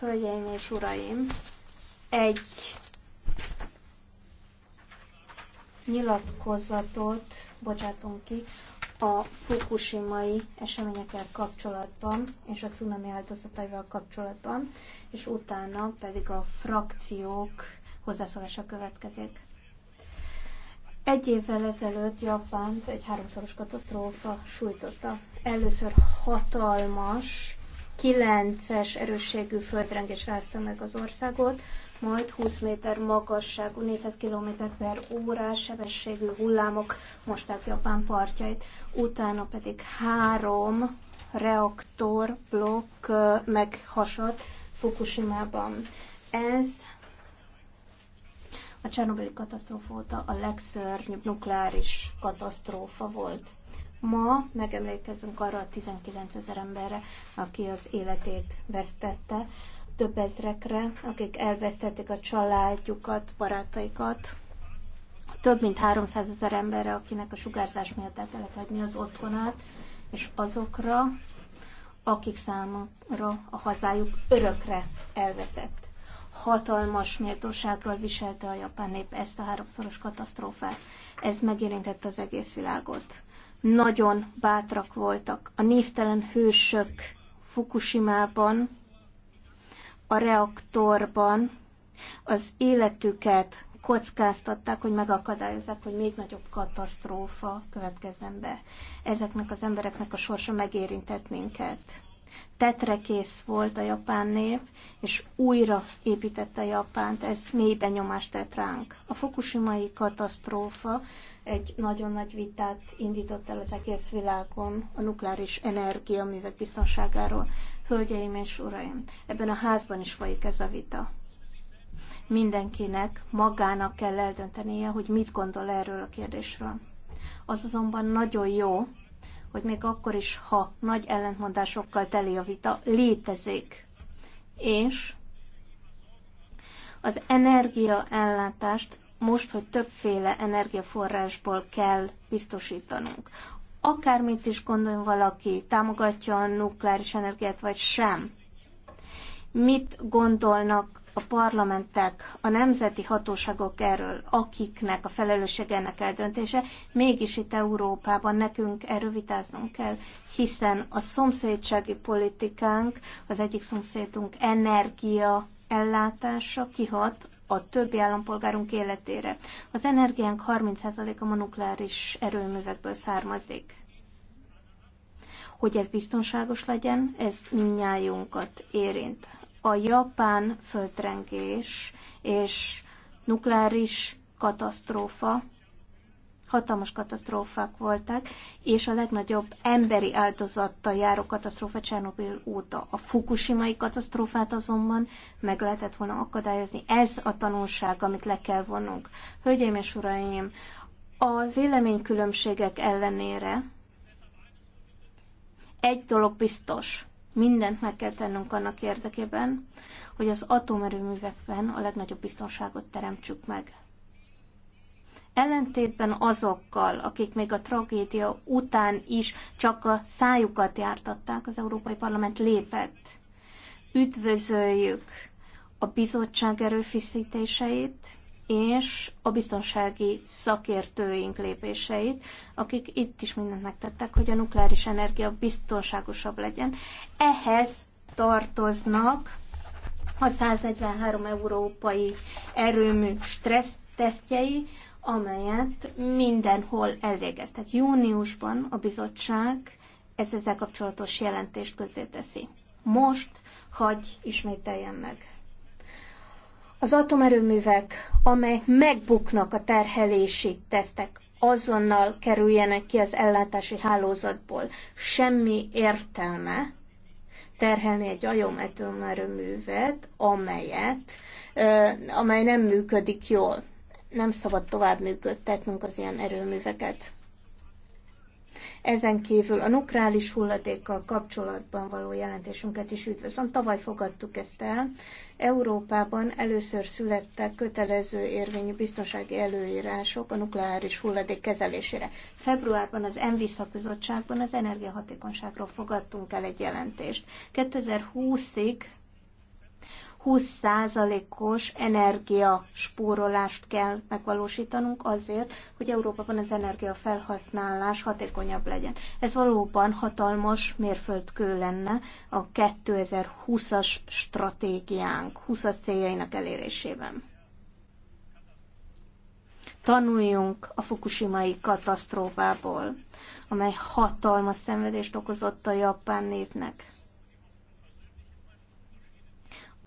Hölgyeim és uraim, egy nyilatkozatot bocsátunk ki a fukushimai eseményekkel kapcsolatban és a cunami áldozataival kapcsolatban, és utána pedig a frakciók hozzászólása következik. Egy évvel ezelőtt Japánt egy háromszoros katasztrófa sújtotta. Először hatalmas 9-es erősségű földrengés rázta meg az országot, majd 20 méter magasságú, 400 km per órás sebességű hullámok mosták Japán partjait, utána pedig három reaktor blokk meghasadt Fukushima-ban. Ez a Csernobili katasztrófa óta a legszörnyűbb nukleáris katasztrófa volt. Ma megemlékezünk arra a 19 ezer emberre, aki az életét vesztette, több ezrekre, akik elvesztették a családjukat, barátaikat, több mint 300 ezer emberre, akinek a sugárzás miatt el kellett hagyni az otthonát, és azokra, akik számára a hazájuk örökre elveszett. Hatalmas méltósággal viselte a japán nép ezt a háromszoros katasztrófát. Ez megérintette az egész világot nagyon bátrak voltak. A névtelen hősök Fukushima-ban, a reaktorban az életüket kockáztatták, hogy megakadályozzák, hogy még nagyobb katasztrófa következzen be. Ezeknek az embereknek a sorsa megérintett minket tetrekész volt a japán nép, és újra építette Japánt, ez mély benyomást tett ránk. A fukushimai katasztrófa egy nagyon nagy vitát indított el az egész világon a nukleáris energia művek biztonságáról. Hölgyeim és uraim, ebben a házban is folyik ez a vita. Mindenkinek magának kell eldöntenie, hogy mit gondol erről a kérdésről. Az azonban nagyon jó, hogy még akkor is, ha nagy ellentmondásokkal teli a vita, létezik. És az energiaellátást most, hogy többféle energiaforrásból kell biztosítanunk. Akármit is gondoljon valaki, támogatja a nukleáris energiát vagy sem. Mit gondolnak a parlamentek, a nemzeti hatóságok erről, akiknek a felelősség ennek eldöntése, mégis itt Európában nekünk erről vitáznunk kell, hiszen a szomszédsági politikánk, az egyik szomszédunk energia ellátása kihat a többi állampolgárunk életére. Az energiánk 30%-a a nukleáris erőművekből származik. Hogy ez biztonságos legyen, ez minnyájunkat érint a japán földrengés és nukleáris katasztrófa, hatalmas katasztrófák voltak, és a legnagyobb emberi áldozattal járó katasztrófa Csernobil óta. A fukushimai katasztrófát azonban meg lehetett volna akadályozni. Ez a tanulság, amit le kell vonnunk. Hölgyeim és uraim, a véleménykülönbségek ellenére egy dolog biztos – Mindent meg kell tennünk annak érdekében, hogy az atomerőművekben a legnagyobb biztonságot teremtsük meg. Ellentétben azokkal, akik még a tragédia után is csak a szájukat jártatták, az Európai Parlament lépett. Üdvözöljük a bizottság erőfeszítéseit, és a biztonsági szakértőink lépéseit, akik itt is mindent megtettek, hogy a nukleáris energia biztonságosabb legyen. Ehhez tartoznak a 143 európai erőmű stressz tesztjei, amelyet mindenhol elvégeztek. Júniusban a bizottság ez ezzel kapcsolatos jelentést teszi. Most hagy ismételjem meg az atomerőművek, amelyek megbuknak a terhelési tesztek, azonnal kerüljenek ki az ellátási hálózatból. Semmi értelme terhelni egy ajometömerőművet, amelyet, amely nem működik jól. Nem szabad tovább működtetnünk az ilyen erőműveket. Ezen kívül a nukleáris hulladékkal kapcsolatban való jelentésünket is üdvözlöm. Tavaly fogadtuk ezt el. Európában először születtek kötelező érvényű biztonsági előírások a nukleáris hulladék kezelésére. Februárban az ENVI szakbizottságban az energiahatékonyságról fogadtunk el egy jelentést. 2020-ig 20%-os energiaspórolást kell megvalósítanunk azért, hogy Európában az energiafelhasználás hatékonyabb legyen. Ez valóban hatalmas mérföldkő lenne a 2020-as stratégiánk, 20-as céljainak elérésében. Tanuljunk a fukushimai katasztrófából, amely hatalmas szenvedést okozott a japán népnek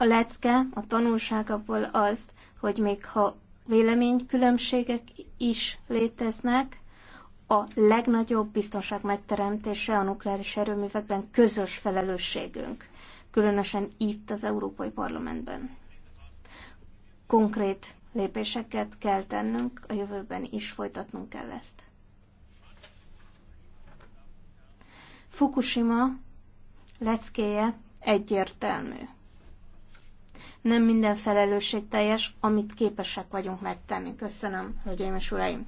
a lecke, a tanulság abból az, hogy még ha véleménykülönbségek is léteznek, a legnagyobb biztonság megteremtése a nukleáris erőművekben közös felelősségünk, különösen itt az Európai Parlamentben. Konkrét lépéseket kell tennünk, a jövőben is folytatnunk kell ezt. Fukushima leckéje egyértelmű nem minden teljes, amit képesek vagyunk megtenni. Köszönöm, hölgyeim és uraim!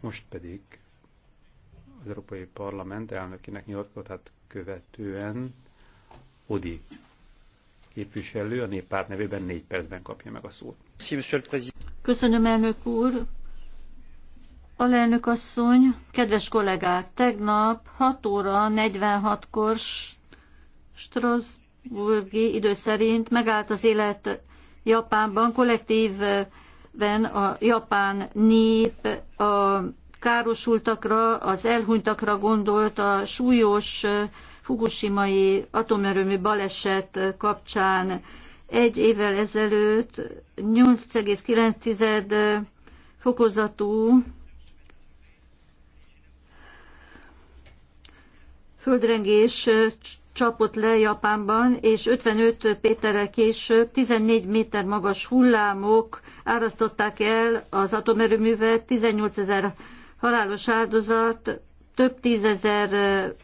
Most pedig az Európai Parlament elnökének nyilatkozatát követően Odi képviselő a néppárt nevében négy percben kapja meg a szót. Köszönöm, elnök úr! Alelnök asszony, kedves kollégák, tegnap 6 óra 46-kor Strasburgi idő szerint megállt az élet Japánban, kollektíven a japán nép a károsultakra, az elhunytakra gondolt, a súlyos fukushimai atomerőmű baleset kapcsán egy évvel ezelőtt 8,9 fokozatú földrengés csapott le Japánban, és 55 Péterrel később 14 méter magas hullámok árasztották el az atomerőművet, 18 ezer halálos áldozat, több tízezer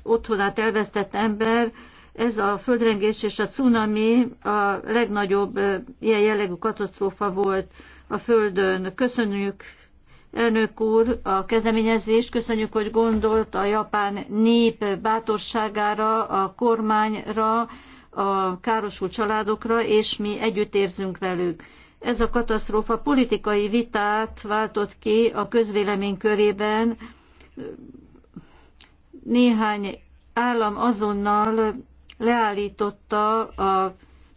otthonát elvesztett ember, ez a földrengés és a cunami a legnagyobb ilyen jellegű katasztrófa volt a Földön. Köszönjük, elnök úr, a kezdeményezést, köszönjük, hogy gondolt a japán nép bátorságára, a kormányra, a károsult családokra, és mi együtt érzünk velük. Ez a katasztrófa politikai vitát váltott ki a közvélemény körében, néhány állam azonnal leállította az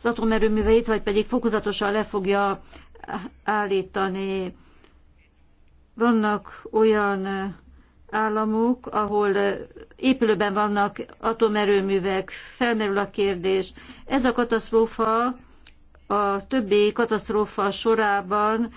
atomerőműveit, vagy pedig fokozatosan le fogja állítani. Vannak olyan államok, ahol épülőben vannak atomerőművek, felmerül a kérdés. Ez a katasztrófa a többi katasztrófa sorában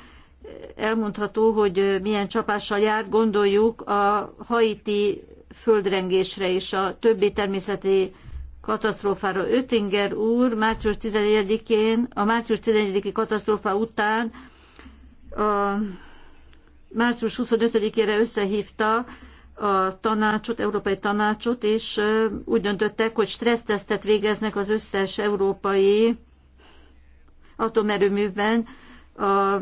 elmondható, hogy milyen csapással járt, gondoljuk a haiti földrengésre és a többi természeti katasztrófára. Öttinger úr március 11-én, a március 11-i katasztrófa után a március 25-ére összehívta a tanácsot, európai tanácsot, és úgy döntöttek, hogy stressztesztet végeznek az összes európai atomerőműben a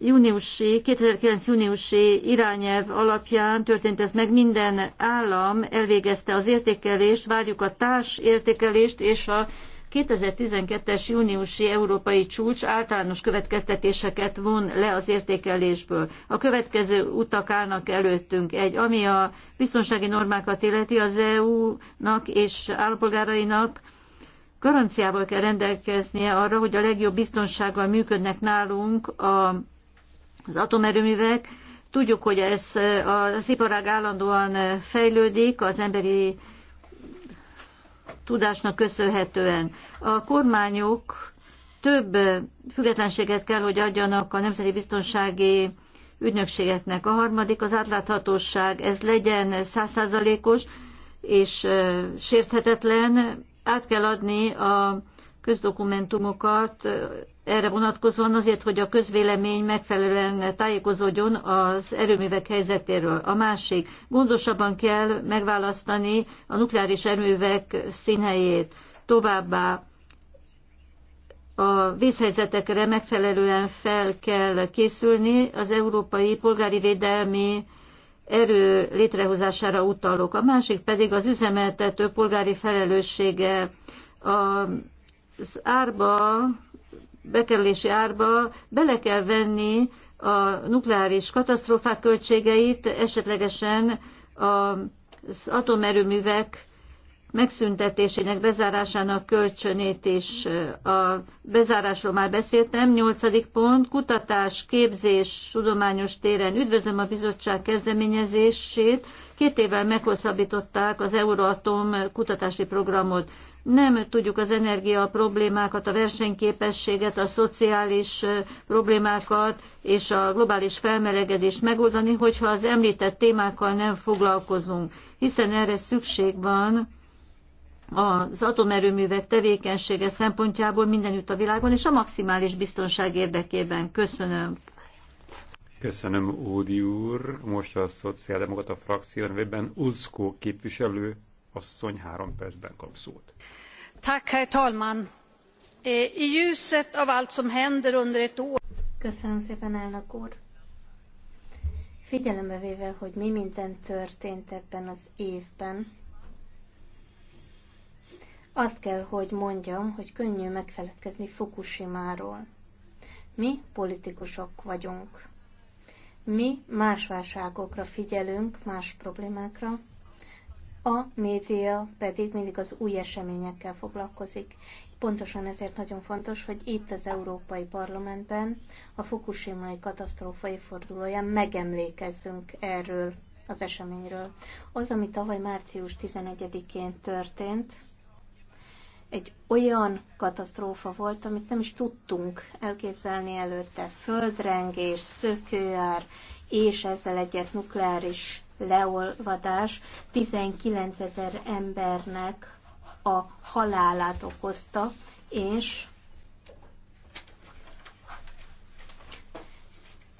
júniusi, 2009 júniusi irányelv alapján történt ez meg, minden állam elvégezte az értékelést, várjuk a társ értékelést és a 2012-es júniusi európai csúcs általános következtetéseket von le az értékelésből. A következő utak állnak előttünk. Egy, ami a biztonsági normákat illeti az EU-nak és állapolgárainak, garanciával kell rendelkeznie arra, hogy a legjobb biztonsággal működnek nálunk a az atomerőművek. Tudjuk, hogy ez az iparág állandóan fejlődik, az emberi tudásnak köszönhetően. A kormányok több függetlenséget kell, hogy adjanak a nemzeti biztonsági ügynökségeknek. A harmadik az átláthatóság, ez legyen százszázalékos és sérthetetlen. Át kell adni a közdokumentumokat erre vonatkozóan azért, hogy a közvélemény megfelelően tájékozódjon az erőművek helyzetéről. A másik, gondosabban kell megválasztani a nukleáris erőművek színhelyét. Továbbá a vészhelyzetekre megfelelően fel kell készülni az európai polgári védelmi erő létrehozására utalok. A másik pedig az üzemeltető polgári felelőssége. Az árba bekerülési árba bele kell venni a nukleáris katasztrófák költségeit, esetlegesen az atomerőművek megszüntetésének, bezárásának kölcsönét is. A bezárásról már beszéltem. Nyolcadik pont, kutatás, képzés, tudományos téren. Üdvözlöm a bizottság kezdeményezését. Két évvel meghosszabbították az Euratom kutatási programot. Nem tudjuk az energia problémákat, a versenyképességet, a szociális problémákat és a globális felmelegedést megoldani, hogyha az említett témákkal nem foglalkozunk, hiszen erre szükség van az atomerőművek tevékenysége szempontjából mindenütt a világon, és a maximális biztonság érdekében. Köszönöm. Köszönöm, Ódi úr. Most a Szociáldemokrata frakció nevében Uzkó képviselő asszony három percben kap szót. Tak, hej, talman. Eh, I ljuset av allt som händer under ett år... Köszönöm szépen, elnök úr. Figyelembe véve, hogy mi minden történt ebben az évben, azt kell, hogy mondjam, hogy könnyű megfeledkezni Fukushima-ról. Mi politikusok vagyunk. Mi más válságokra figyelünk, más problémákra, a média pedig mindig az új eseményekkel foglalkozik. Pontosan ezért nagyon fontos, hogy itt az Európai Parlamentben a Fukushima-i katasztrófa évfordulóján megemlékezzünk erről az eseményről. Az, ami tavaly március 11-én történt, egy olyan katasztrófa volt, amit nem is tudtunk elképzelni előtte. Földrengés, szökőár, és ezzel egyet nukleáris leolvadás 19 ezer embernek a halálát okozta, és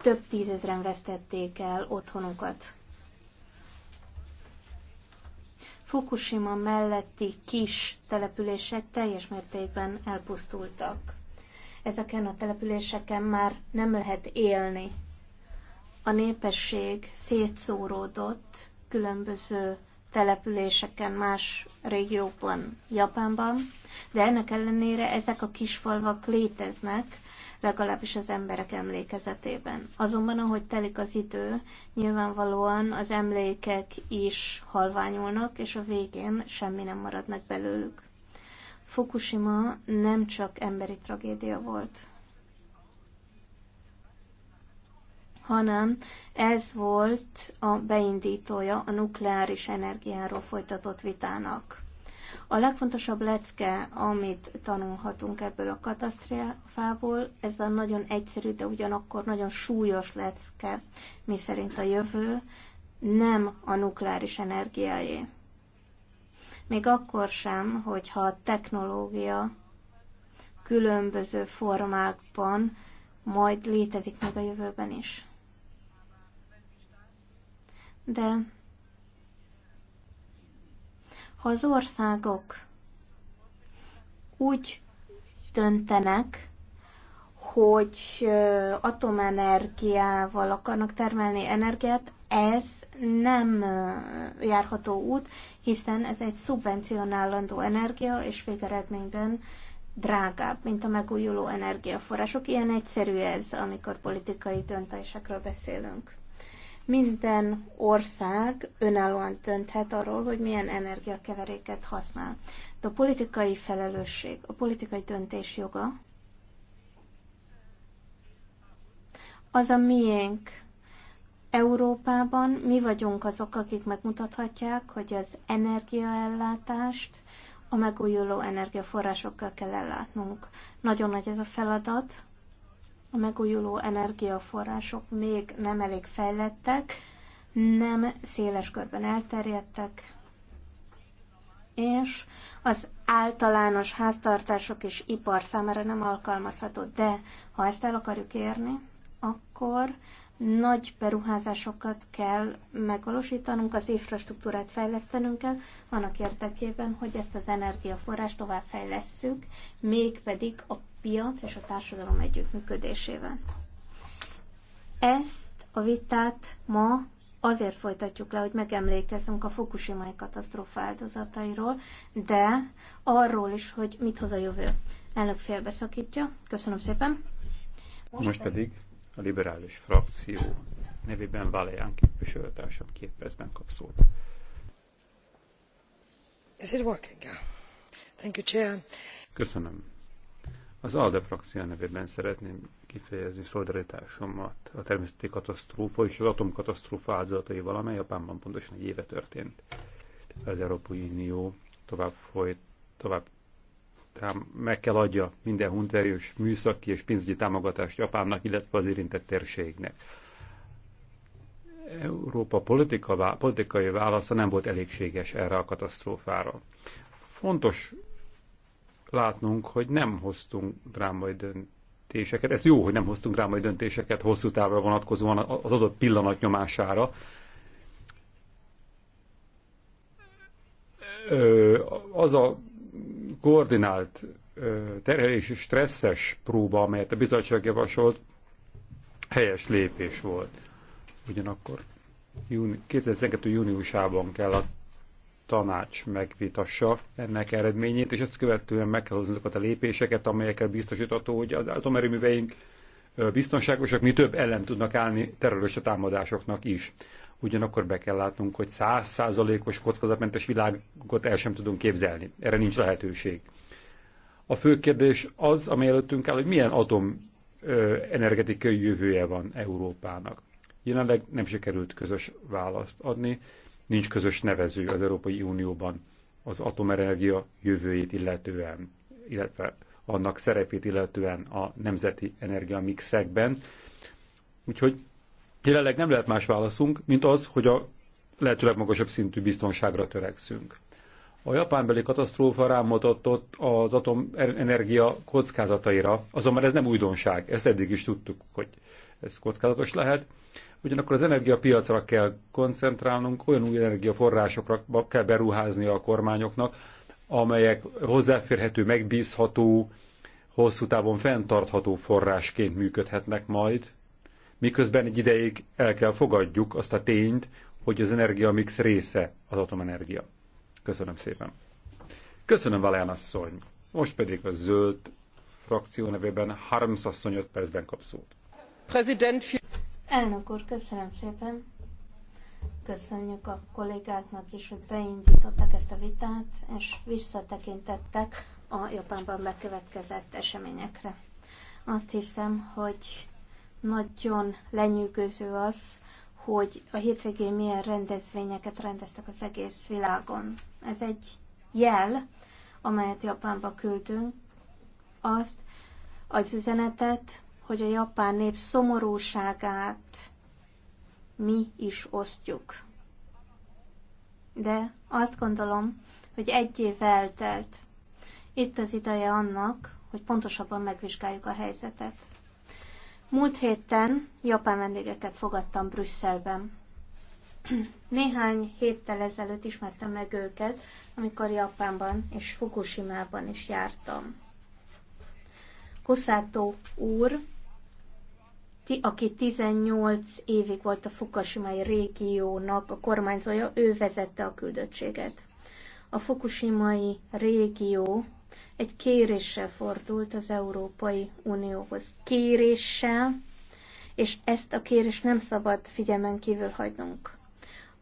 több tízezren vesztették el otthonukat. Fukushima melletti kis települések teljes mértékben elpusztultak. Ezeken a településeken már nem lehet élni. A népesség szétszóródott különböző településeken, más régióban Japánban, de ennek ellenére ezek a kis falvak léteznek, legalábbis az emberek emlékezetében. Azonban, ahogy telik az idő, nyilvánvalóan az emlékek is halványulnak, és a végén semmi nem marad meg belőlük. Fukushima nem csak emberi tragédia volt, hanem ez volt a beindítója a nukleáris energiáról folytatott vitának. A legfontosabb lecke, amit tanulhatunk ebből a katasztrófából, ez a nagyon egyszerű, de ugyanakkor nagyon súlyos lecke, mi szerint a jövő nem a nukleáris energiájé. Még akkor sem, hogyha a technológia különböző formákban majd létezik meg a jövőben is. De ha az országok úgy döntenek, hogy atomenergiával akarnak termelni energiát, ez nem járható út, hiszen ez egy szubvencionálandó energia, és végeredményben drágább, mint a megújuló energiaforrások. Ilyen egyszerű ez, amikor politikai döntésekről beszélünk. Minden ország önállóan dönthet arról, hogy milyen energiakeveréket használ. De a politikai felelősség, a politikai döntés joga az a miénk. Európában mi vagyunk azok, akik megmutathatják, hogy az energiaellátást a megújuló energiaforrásokkal kell ellátnunk. Nagyon nagy ez a feladat, a megújuló energiaforrások még nem elég fejlettek, nem széles körben elterjedtek, és az általános háztartások és ipar számára nem alkalmazható, de ha ezt el akarjuk érni, akkor nagy beruházásokat kell megvalósítanunk, az infrastruktúrát fejlesztenünk kell, annak érdekében, hogy ezt az energiaforrást tovább mégpedig a piac és a társadalom együttműködésével. Ezt a vitát ma azért folytatjuk le, hogy megemlékezzünk a fukushima katasztrófa áldozatairól, de arról is, hogy mit hoz a jövő. Elnök félbeszakítja. Köszönöm szépen. Most, Most pedig a liberális frakció nevében Valéján képviselőtársam két kap szót. Is it working? Thank you, Chair. Köszönöm, az Aldepraxia nevében szeretném kifejezni szolidaritásomat a természeti katasztrófa és az atomkatasztrófa áldozataival, amely Japánban pontosan egy éve történt. Az Európai Unió tovább folyt, tovább tám- meg kell adja minden hunterős műszaki és pénzügyi támogatást Japánnak, illetve az érintett térségnek. Európa politika, politikai válasza nem volt elégséges erre a katasztrófára. Fontos látnunk, hogy nem hoztunk drámai döntéseket. Ez jó, hogy nem hoztunk drámai döntéseket hosszú távra vonatkozóan az adott pillanat nyomására. Az a koordinált terhelés és stresszes próba, amelyet a bizottság javasolt, helyes lépés volt. Ugyanakkor 2012. júniusában kell a tanács megvitassa ennek eredményét, és ezt követően meg kell hozni azokat a lépéseket, amelyekkel biztosítható, hogy az atomerőműveink biztonságosak, mi több ellen tudnak állni terrorista támadásoknak is. Ugyanakkor be kell látnunk, hogy száz százalékos kockázatmentes világot el sem tudunk képzelni. Erre nincs lehetőség. A fő kérdés az, amely előttünk áll, hogy milyen atom energetikai jövője van Európának. Jelenleg nem sikerült közös választ adni, nincs közös nevező az Európai Unióban az atomenergia jövőjét illetően, illetve annak szerepét illetően a nemzeti energiamixekben. Úgyhogy jelenleg nem lehet más válaszunk, mint az, hogy a lehetőleg magasabb szintű biztonságra törekszünk. A japánbeli katasztrófa rámutatott az atomenergia kockázataira, azonban ez nem újdonság, ezt eddig is tudtuk, hogy ez kockázatos lehet. Ugyanakkor az energiapiacra kell koncentrálnunk, olyan új energiaforrásokra kell beruházni a kormányoknak, amelyek hozzáférhető, megbízható, hosszú távon fenntartható forrásként működhetnek majd, miközben egy ideig el kell fogadjuk azt a tényt, hogy az energiamix része az atomenergia. Köszönöm szépen. Köszönöm, Valán asszony. Most pedig a zöld frakció nevében Harms asszony 5 percben kap szót. Elnök úr, köszönöm szépen. Köszönjük a kollégáknak is, hogy beindították ezt a vitát, és visszatekintettek a Japánban bekövetkezett eseményekre. Azt hiszem, hogy nagyon lenyűgöző az, hogy a hétvégén milyen rendezvényeket rendeztek az egész világon. Ez egy jel, amelyet Japánba küldünk, azt az üzenetet, hogy a japán nép szomorúságát mi is osztjuk. De azt gondolom, hogy egy év eltelt. Itt az ideje annak, hogy pontosabban megvizsgáljuk a helyzetet. Múlt héten japán vendégeket fogadtam Brüsszelben. Néhány héttel ezelőtt ismertem meg őket, amikor Japánban és Fukushima-ban is jártam. Kosszátó úr aki 18 évig volt a Fukushimai régiónak a kormányzója, ő vezette a küldöttséget. A Fukushimai régió egy kéréssel fordult az Európai Unióhoz. Kéréssel, és ezt a kérést nem szabad figyelmen kívül hagynunk.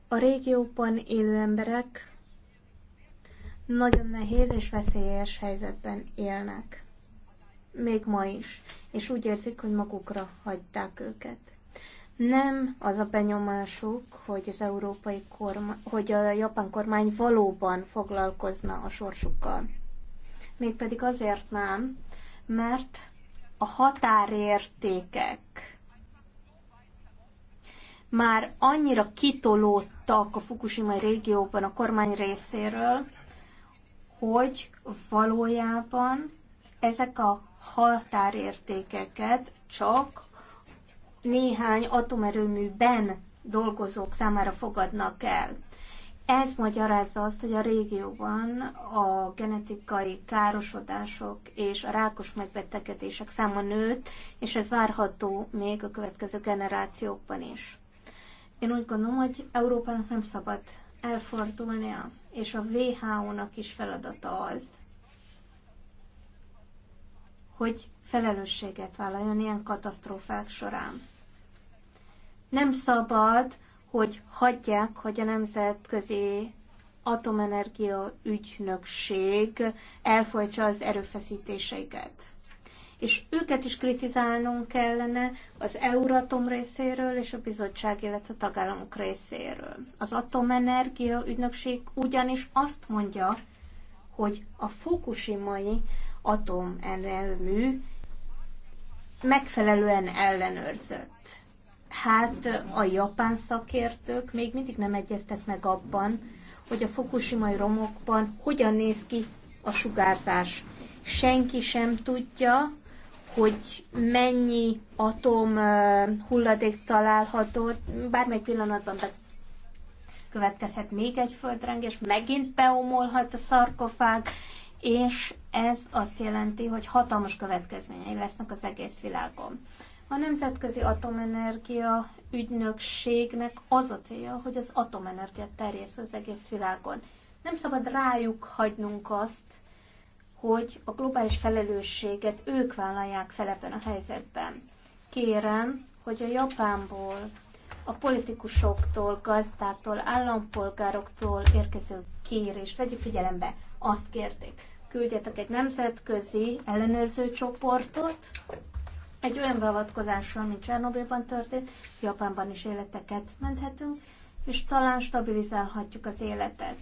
A régióban élő emberek nagyon nehéz és veszélyes helyzetben élnek még ma is, és úgy érzik, hogy magukra hagyták őket. Nem az a benyomásuk, hogy az európai kormány, hogy a japán kormány valóban foglalkozna a sorsukkal. Mégpedig azért nem, mert a határértékek már annyira kitolódtak a Fukushima régióban a kormány részéről, hogy valójában ezek a határértékeket csak néhány atomerőműben dolgozók számára fogadnak el. Ez magyarázza azt, hogy a régióban a genetikai károsodások és a rákos megbetegedések száma nőtt, és ez várható még a következő generációkban is. Én úgy gondolom, hogy Európának nem szabad elfordulnia, és a WHO-nak is feladata az, hogy felelősséget vállaljon ilyen katasztrófák során. Nem szabad, hogy hagyják, hogy a nemzetközi atomenergia ügynökség elfolytsa az erőfeszítéseiket. És őket is kritizálnunk kellene az Euratom részéről és a bizottság, illetve a tagállamok részéről. Az atomenergia ügynökség ugyanis azt mondja, hogy a fukushima atomerőmű megfelelően ellenőrzött. Hát a japán szakértők még mindig nem egyeztek meg abban, hogy a fukushimai romokban hogyan néz ki a sugárzás. Senki sem tudja, hogy mennyi atom hulladék található, bármely pillanatban következhet még egy földrengés, megint beomolhat a szarkofág, és ez azt jelenti, hogy hatalmas következményei lesznek az egész világon. A Nemzetközi Atomenergia Ügynökségnek az a célja, hogy az atomenergiát terjesz az egész világon. Nem szabad rájuk hagynunk azt, hogy a globális felelősséget ők vállalják fel ebben a helyzetben. Kérem, hogy a Japánból, a politikusoktól, gazdáktól, állampolgároktól érkező kérést vegyük figyelembe. Azt kérték, küldjetek egy nemzetközi ellenőrző csoportot, egy olyan beavatkozással, mint Csernobélban történt, Japánban is életeket menthetünk, és talán stabilizálhatjuk az életet.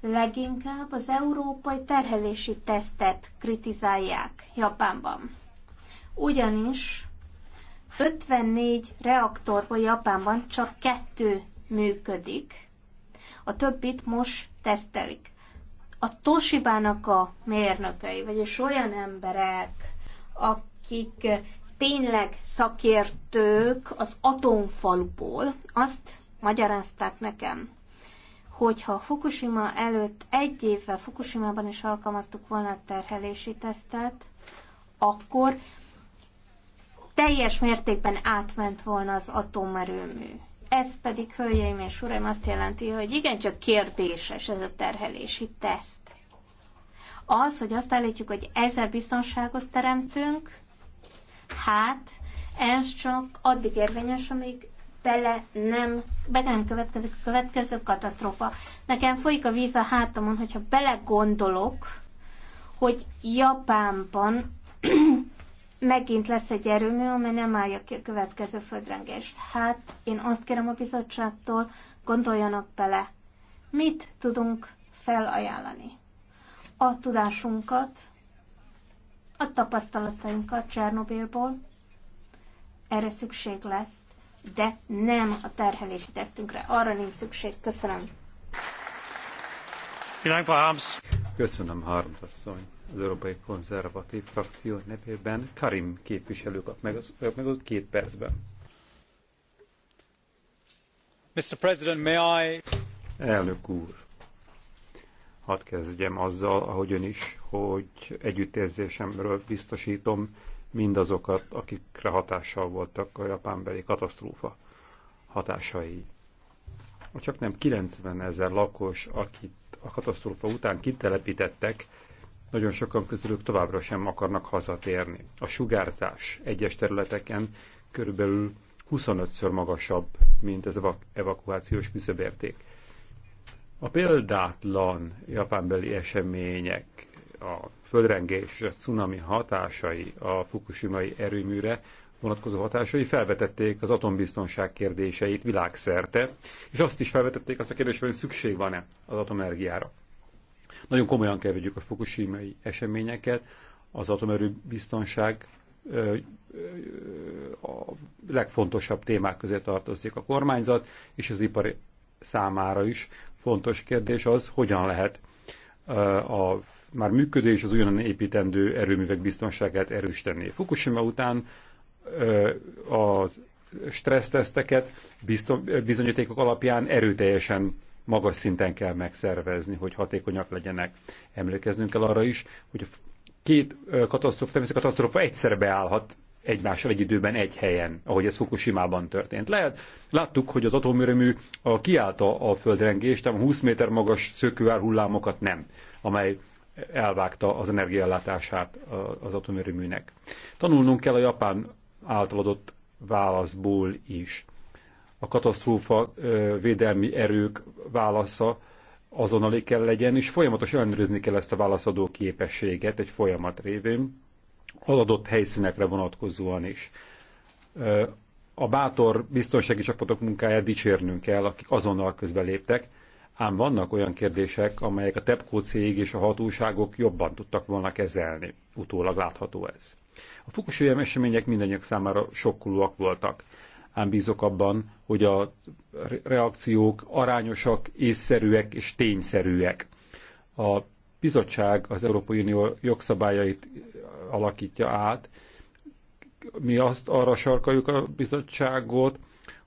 Leginkább az európai terhelési tesztet kritizálják Japánban. Ugyanis 54 reaktorból Japánban csak kettő működik, a többit most tesztelik a Toshibának a mérnökei, vagyis olyan emberek, akik tényleg szakértők az atomfalból, azt magyarázták nekem, hogyha Fukushima előtt egy évvel Fukushima-ban is alkalmaztuk volna a terhelési tesztet, akkor teljes mértékben átment volna az atomerőmű. Ez pedig, hölgyeim és uraim, azt jelenti, hogy igencsak kérdéses ez a terhelési teszt. Az, hogy azt állítjuk, hogy ezzel biztonságot teremtünk, hát ez csak addig érvényes, amíg bele nem, be nem következik a következő katasztrófa. Nekem folyik a víz a hátamon, hogyha belegondolok, hogy Japánban megint lesz egy erőmű, amely nem állja ki a következő földrengést. Hát én azt kérem a bizottságtól, gondoljanak bele, mit tudunk felajánlani. A tudásunkat, a tapasztalatainkat Csernobilból, erre szükség lesz, de nem a terhelési tesztünkre. Arra nincs szükség. Köszönöm. Köszönöm, Harms asszony az Európai Konzervatív Frakció nevében Karim képviselő kap meg az, meg az két percben. Mr. President, may I... Elnök úr, hadd kezdjem azzal, ahogy ön is, hogy együttérzésemről biztosítom mindazokat, akikre hatással voltak a japánbeli katasztrófa hatásai. Csak nem 90 ezer lakos, akit a katasztrófa után kitelepítettek, nagyon sokan közülük továbbra sem akarnak hazatérni. A sugárzás egyes területeken körülbelül 25-ször magasabb, mint az evakuációs küszöbérték. A példátlan japánbeli események, a földrengés, a cunami hatásai a fukushimai erőműre vonatkozó hatásai felvetették az atombiztonság kérdéseit világszerte, és azt is felvetették azt a kérdést, hogy szükség van-e az atomenergiára. Nagyon komolyan kell vegyük a fukushimai eseményeket, az atomerő biztonság a legfontosabb témák közé tartozik a kormányzat, és az ipar számára is fontos kérdés az, hogyan lehet a már működő és az újonnan építendő erőművek biztonságát erősíteni. Fukushima után a stresszteszteket bizonyítékok alapján erőteljesen magas szinten kell megszervezni, hogy hatékonyak legyenek. Emlékeznünk kell arra is, hogy a két katasztrófa, természetesen katasztrófa egyszerre beállhat egymással egy időben, egy helyen, ahogy ez Fukushima-ban történt. Lehet, láttuk, hogy az atomérőmű a, kiállta a földrengést, ám 20 méter magas szökőár hullámokat nem, amely elvágta az energiállátását az atomérőműnek. Tanulnunk kell a Japán által adott válaszból is a katasztrófa védelmi erők válasza azonnali kell legyen, és folyamatosan ellenőrizni kell ezt a válaszadó képességet egy folyamat révén, az adott helyszínekre vonatkozóan is. A bátor biztonsági csapatok munkáját dicsérnünk kell, akik azonnal közbeléptek, ám vannak olyan kérdések, amelyek a TEPCO cég és a hatóságok jobban tudtak volna kezelni. Utólag látható ez. A Fukushima események mindannyiak számára sokkolóak voltak ám bízok abban, hogy a reakciók arányosak, észszerűek és tényszerűek. A bizottság az Európai Unió jogszabályait alakítja át. Mi azt arra sarkaljuk a bizottságot,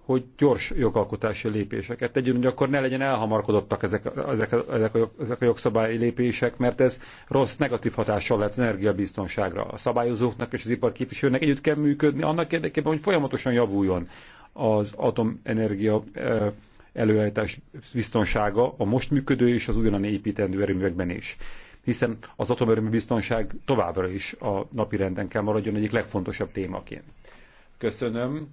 hogy gyors jogalkotási lépéseket tegyünk, hogy akkor ne legyen elhamarkodottak ezek, ezek, ezek, a, ezek a jogszabályi lépések, mert ez rossz negatív hatással lehet az energiabiztonságra. A szabályozóknak és az iparképviselőnek együtt kell működni annak érdekében, hogy folyamatosan javuljon az atomenergia eh, előállítás biztonsága a most működő és az ugyanan építendő erőművekben is hiszen az atomerőmű biztonság továbbra is a napirenden kell maradjon egyik legfontosabb témaként. Köszönöm.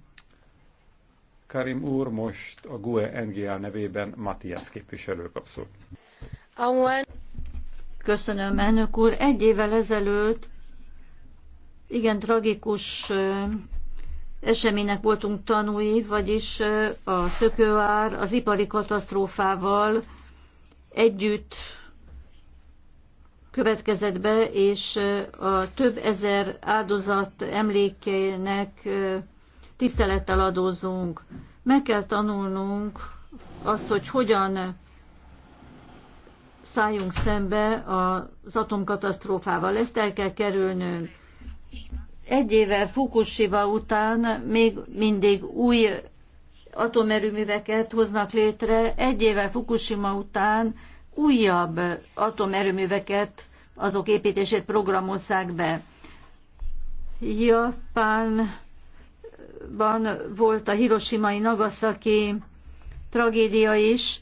Karim úr, most a GUE NGA nevében Matthias képviselő kap Köszönöm, elnök úr. Egy évvel ezelőtt igen tragikus eseménynek voltunk tanúi, vagyis a szökőár az ipari katasztrófával együtt következett be, és a több ezer áldozat emlékének tisztelettel adózzunk. Meg kell tanulnunk azt, hogy hogyan szálljunk szembe az atomkatasztrófával. Ezt el kell kerülnünk. Egy éve Fukushima után még mindig új atomerőműveket hoznak létre. Egy éve Fukushima után újabb atomerőműveket, azok építését programozzák be. Japán 1986-ban volt a hiroshimai Nagasaki tragédia is,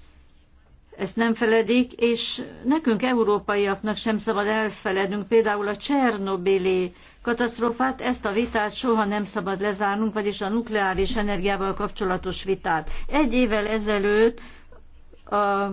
ezt nem feledik, és nekünk európaiaknak sem szabad elfelednünk például a Csernobili katasztrófát, ezt a vitát soha nem szabad lezárnunk, vagyis a nukleáris energiával kapcsolatos vitát. Egy évvel ezelőtt a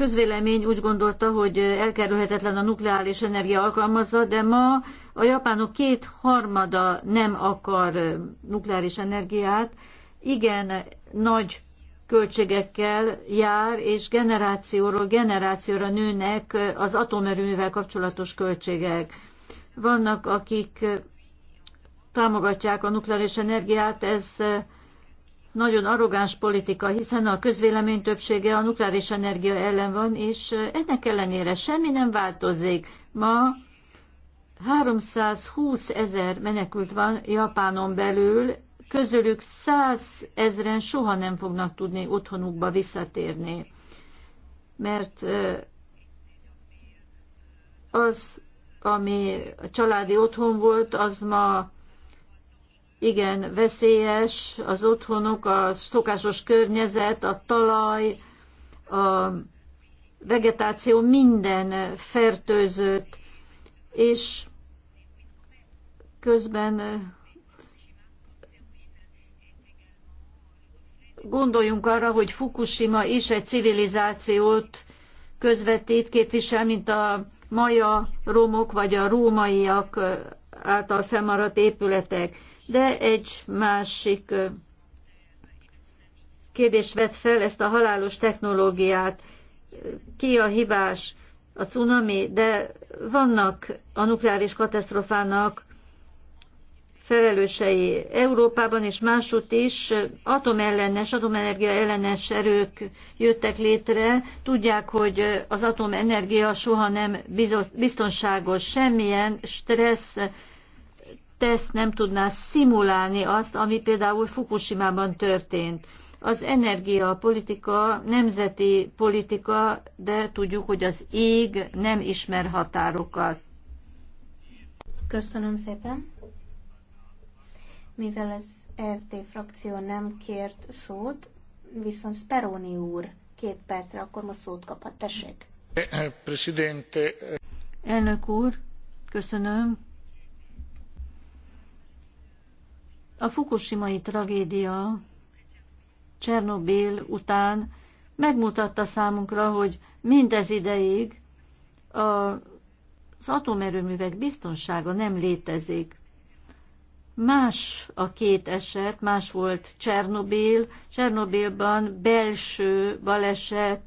közvélemény úgy gondolta, hogy elkerülhetetlen a nukleáris energia alkalmazza, de ma a japánok két harmada nem akar nukleáris energiát. Igen, nagy költségekkel jár, és generációról generációra nőnek az atomerőművel kapcsolatos költségek. Vannak, akik támogatják a nukleáris energiát, ez nagyon arrogáns politika, hiszen a közvélemény többsége a nukleáris energia ellen van, és eh, ennek ellenére semmi nem változik. Ma 320 ezer menekült van Japánon belül, közülük 100 ezeren soha nem fognak tudni otthonukba visszatérni, mert eh, az, ami a családi otthon volt, az ma igen veszélyes az otthonok, a szokásos környezet, a talaj, a vegetáció minden fertőzött, és közben gondoljunk arra, hogy Fukushima is egy civilizációt közvetít, képvisel, mint a maja romok vagy a rómaiak által felmaradt épületek de egy másik kérdés vett fel ezt a halálos technológiát. Ki a hibás? A cunami, de vannak a nukleáris katasztrofának felelősei Európában és máshogy is atomellenes, atomenergia ellenes erők jöttek létre. Tudják, hogy az atomenergia soha nem biztonságos, semmilyen stressz teszt nem tudná szimulálni azt, ami például Fukushima-ban történt. Az energiapolitika nemzeti politika, de tudjuk, hogy az ég nem ismer határokat. Köszönöm szépen. Mivel az RT frakció nem kért szót, viszont Speroni úr két percre, akkor most szót kaphat. Tessék. Eh, eh, presidente. Eh. Elnök úr, köszönöm A fukushimai tragédia Csernobil után megmutatta számunkra, hogy mindez ideig a, az atomerőművek biztonsága nem létezik. Más a két eset, más volt Csernobil. Csernobilban belső baleset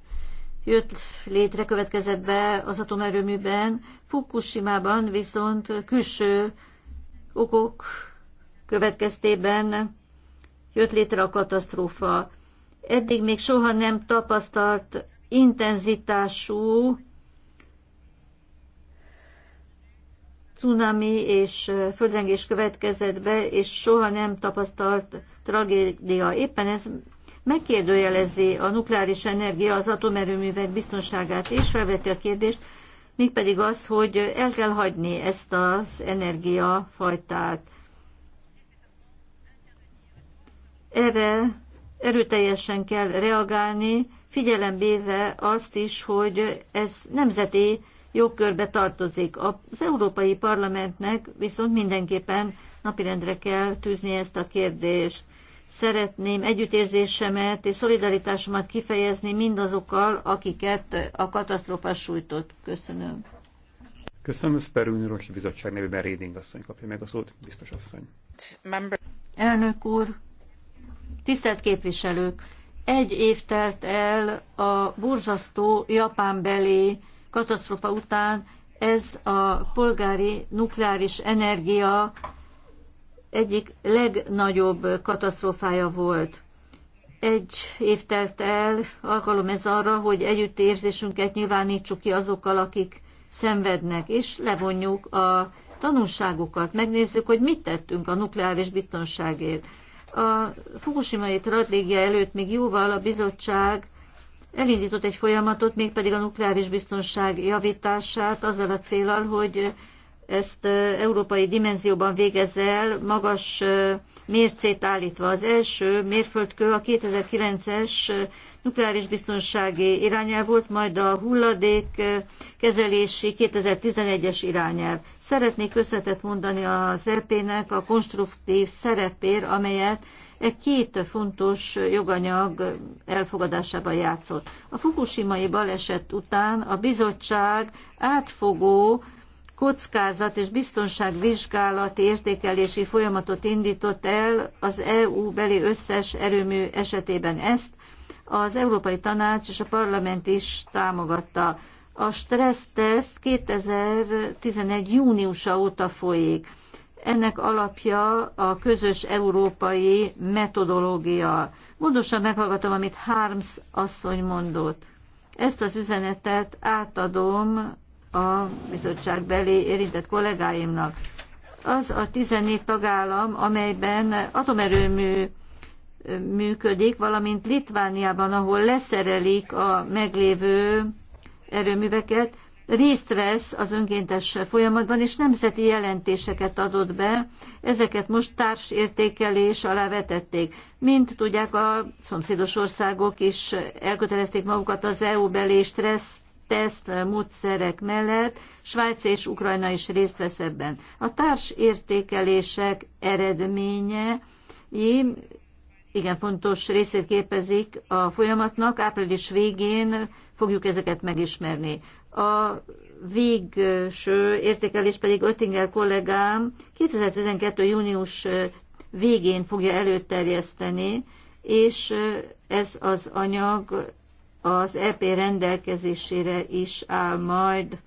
jött létre, következett be az atomerőműben, Fukushima-ban viszont külső okok következtében jött létre a katasztrófa. Eddig még soha nem tapasztalt intenzitású cunami és földrengés következett be, és soha nem tapasztalt tragédia. Éppen ez megkérdőjelezi a nukleáris energia az atomerőművek biztonságát, és felveti a kérdést, mégpedig az, hogy el kell hagyni ezt az energiafajtát. Erre erőteljesen kell reagálni, figyelembéve azt is, hogy ez nemzeti jogkörbe tartozik. Az Európai Parlamentnek viszont mindenképpen napirendre kell tűzni ezt a kérdést. Szeretném együttérzésemet és szolidaritásomat kifejezni mindazokkal, akiket a katasztrófa sújtott. Köszönöm. Köszönöm, Sperúny Rohi Bizottság nevében Réding asszony kapja meg a szót, biztos asszony. Elnök úr, Tisztelt képviselők! Egy év telt el a borzasztó japánbeli katasztrófa után, ez a polgári nukleáris energia egyik legnagyobb katasztrófája volt. Egy év telt el, alkalom ez arra, hogy együttérzésünket nyilvánítsuk ki azokkal, akik szenvednek, és levonjuk a tanulságokat, megnézzük, hogy mit tettünk a nukleáris biztonságért. A fukushimai tragédia előtt még jóval a bizottság elindított egy folyamatot, mégpedig a nukleáris biztonság javítását azzal a célral, hogy ezt európai dimenzióban végez el, magas mércét állítva. Az első mérföldkő a 2009-es nukleáris biztonsági irányelv volt, majd a hulladék kezelési 2011-es irányelv. Szeretnék köszönetet mondani az EP-nek a konstruktív szerepér, amelyet e két fontos joganyag elfogadásában játszott. A fukushimai baleset után a bizottság átfogó kockázat és biztonság vizsgálati értékelési folyamatot indított el az EU beli összes erőmű esetében ezt, az Európai Tanács és a Parlament is támogatta. A stresszteszt 2011. júniusa óta folyik. Ennek alapja a közös európai metodológia. Gondosan meghallgatom, amit Harms asszony mondott. Ezt az üzenetet átadom a belé érintett kollégáimnak. Az a 14 tagállam, amelyben atomerőmű működik, valamint Litvániában, ahol leszerelik a meglévő erőműveket, részt vesz az önkéntes folyamatban, és nemzeti jelentéseket adott be. Ezeket most társértékelés alá vetették. Mint tudják, a szomszédos országok is elkötelezték magukat az EU-beli stressz teszt módszerek mellett Svájc és Ukrajna is részt vesz ebben. A értékelések eredménye igen fontos részét képezik a folyamatnak. Április végén fogjuk ezeket megismerni. A végső értékelés pedig Oettinger kollégám 2012. június végén fogja előterjeszteni, és ez az anyag az EP rendelkezésére is áll majd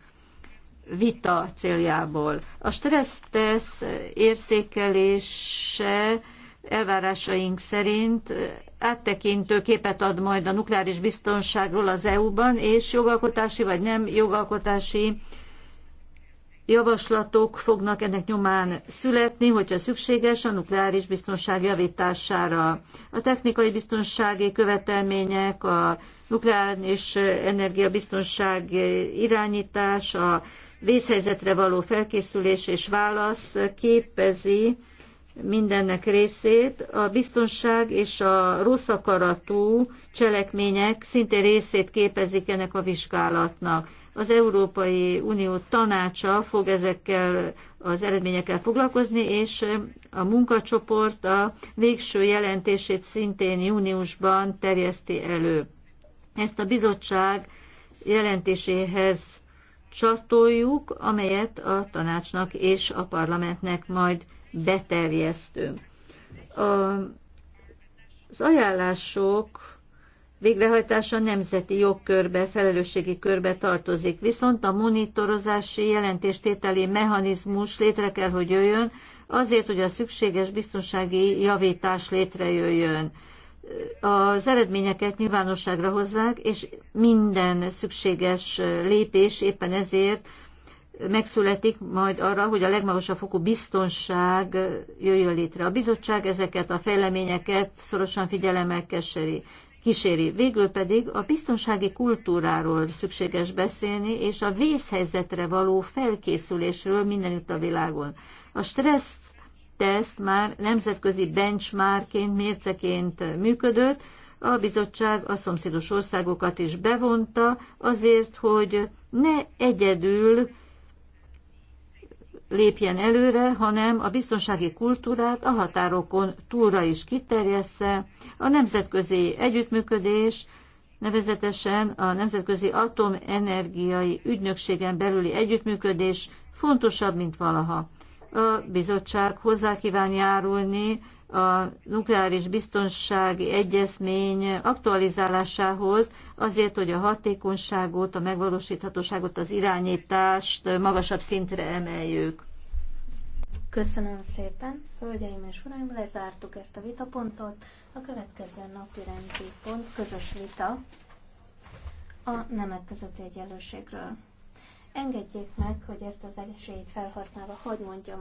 vita céljából. A stressztesz értékelése elvárásaink szerint áttekintő képet ad majd a nukleáris biztonságról az EU-ban, és jogalkotási vagy nem jogalkotási javaslatok fognak ennek nyomán születni, hogyha szükséges a nukleáris biztonság javítására. A technikai biztonsági követelmények, a nukleáris energiabiztonság irányítás, a vészhelyzetre való felkészülés és válasz képezi mindennek részét, a biztonság és a rossz akaratú cselekmények szinte részét képezik ennek a vizsgálatnak. Az Európai Unió tanácsa fog ezekkel az eredményekkel foglalkozni, és a munkacsoport a végső jelentését szintén júniusban terjeszti elő. Ezt a bizottság jelentéséhez csatoljuk, amelyet a tanácsnak és a parlamentnek majd beterjesztünk. A, az ajánlások végrehajtása nemzeti jogkörbe, felelősségi körbe tartozik. Viszont a monitorozási jelentéstételi mechanizmus létre kell, hogy jöjjön, azért, hogy a szükséges biztonsági javítás létrejöjjön. Az eredményeket nyilvánosságra hozzák, és minden szükséges lépés éppen ezért megszületik majd arra, hogy a legmagasabb fokú biztonság jöjjön létre. A bizottság ezeket a fejleményeket szorosan figyelemmel keseri kíséri. Végül pedig a biztonsági kultúráról szükséges beszélni, és a vészhelyzetre való felkészülésről mindenütt a világon. A stressz teszt már nemzetközi benchmarkként, mérceként működött, a bizottság a szomszédos országokat is bevonta azért, hogy ne egyedül lépjen előre, hanem a biztonsági kultúrát a határokon túlra is kiterjessze. A nemzetközi együttműködés, nevezetesen a Nemzetközi Atomenergiai Ügynökségen belüli együttműködés fontosabb, mint valaha. A bizottság hozzá kíván járulni a nukleáris biztonsági egyezmény aktualizálásához, azért, hogy a hatékonyságot, a megvalósíthatóságot, az irányítást magasabb szintre emeljük. Köszönöm szépen. Hölgyeim és uraim, lezártuk ezt a vitapontot. A következő napi rendi pont közös vita a nemek közötti egyenlőségről. Engedjék meg, hogy ezt az esélyt felhasználva, hogy mondjam